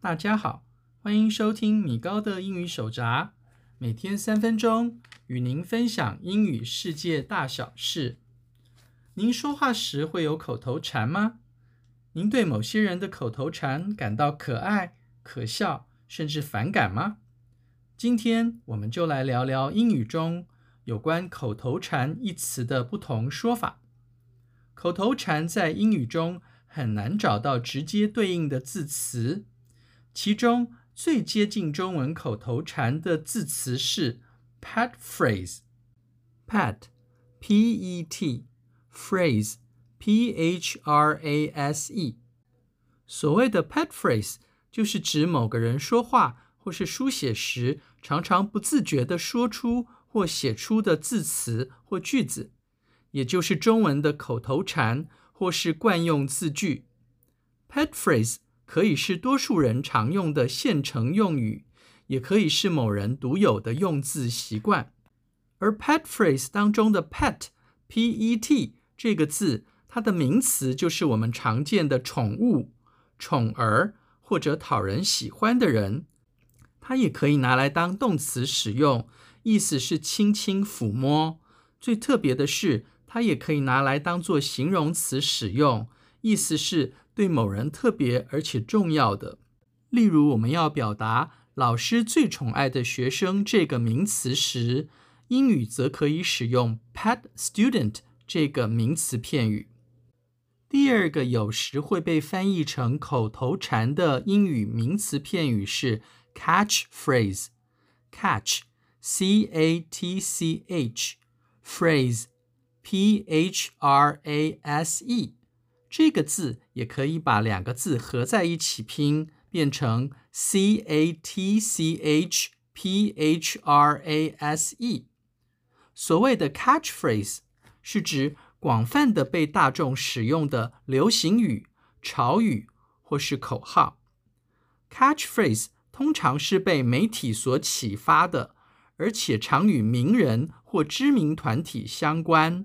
大家好，歡迎收聽米高的英語手札，每天三分鐘與您分享英語世界大小事。您說話時會有口頭禪嗎？您對某些人的口頭禪感到可愛、可笑，甚至反感嗎？今天我們就來聊聊英語中有關口頭禪一詞的不同說法。口頭禪在英語中很難找到直接對應的字詞，其中最接近中文口頭禪的字詞是 pet phrase。pet，P-E-T，phrase，P-H-R-A-S-E。所謂的 pet phrase 就是指某個人說話或是書寫時常常不自覺地說出或寫出的字詞或句子。也就是中文的口頭禪或是慣用字句，pet phrase 可以是多數人常用的現成用語，也可以是某人獨有的用字習慣。而 pet phrase 當中的 pet，p-e-t，這個字，它的名詞就是我們常見的寵物、寵兒或者討人喜歡的人。它也可以拿來當動詞使用，意思是輕輕撫摸。最特別的是，它也可以拿來當做形容詞使用，意思是“對某人特別而且重要的”。例如，我們要表達“老師最寵愛的學生”這個名詞時，英語則可以使用 “pet student” 這個名詞片語。第二個有時會被翻譯成口頭禪的英語名詞片語是 “catch phrase”，catch，C A T C H，phrase。phrase 這個字也可以把兩個字合在一起拼，變成 catchphrase。所謂的 catchphrase 是指廣泛的被大眾使用的流行語、潮語或是口號。catchphrase 通常是被媒體所啟發的，而且常與名人或知名團體相關。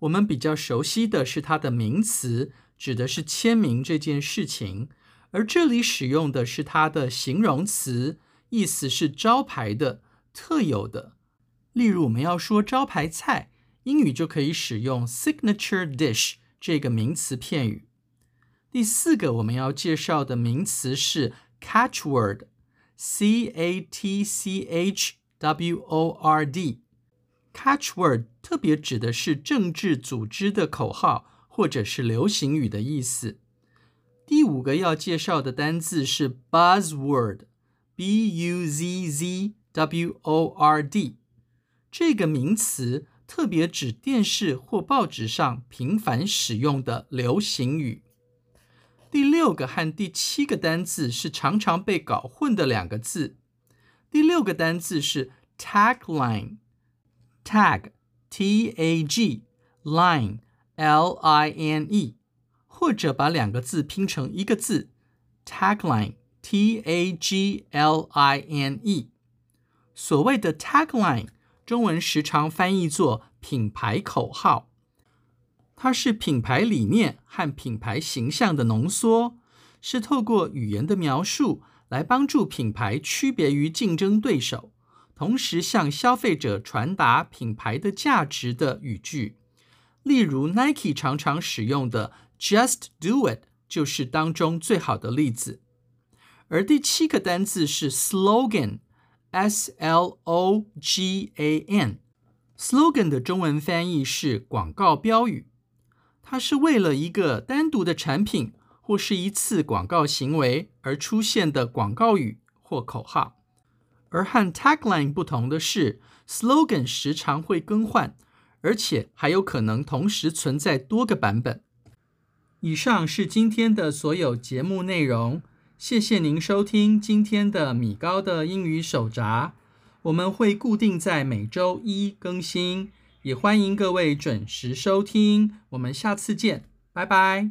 我們比較熟悉的是它的名詞，指的是簽名這件事情，而這裡使用的是它的形容詞，意思是招牌的、特有的。例如，我們要說招牌菜，英語就可以使用 signature dish 這個名詞片語。第四個我們要介紹的名詞是 catchword，C-A-T-C-H-W-O-R-D。Catchword 特別指的是政治組織的口號或者是流行語的意思。第五個要介紹的單字是 buzzword，b u z z w o r d，這個名詞特別指電視或報紙上頻繁使用的流行語。第六個和第七個單詞是常常被搞混的兩個字。第六個單詞是 tagline。tag，t a g，line，l i n e，或者把兩個字拼成一個字，tagline，t a g l i n e。所謂的 tagline，中文時常翻譯做品牌口號，它是品牌理念和品牌形象的濃縮，是透過語言的描述來幫助品牌區別於競爭對手。同時向消費者傳達品牌的價值的語句，例如 Nike 常常使用的 "Just Do It" 就是當中最好的例子。而第七個單字是 slogan，s l o g a n，slogan 的中文翻譯是廣告標語，它是為了一個單獨的產品或是一次廣告行為而出現的廣告語或口號。而和 tagline 不同的是，slogan 時常會更換，而且還有可能同時存在多個版本。以上是今天的所有節目內容，謝謝您收聽今天的米高的英語手札。我們會固定在每週一更新，也歡迎各位準時收聽。我們下次見，拜拜。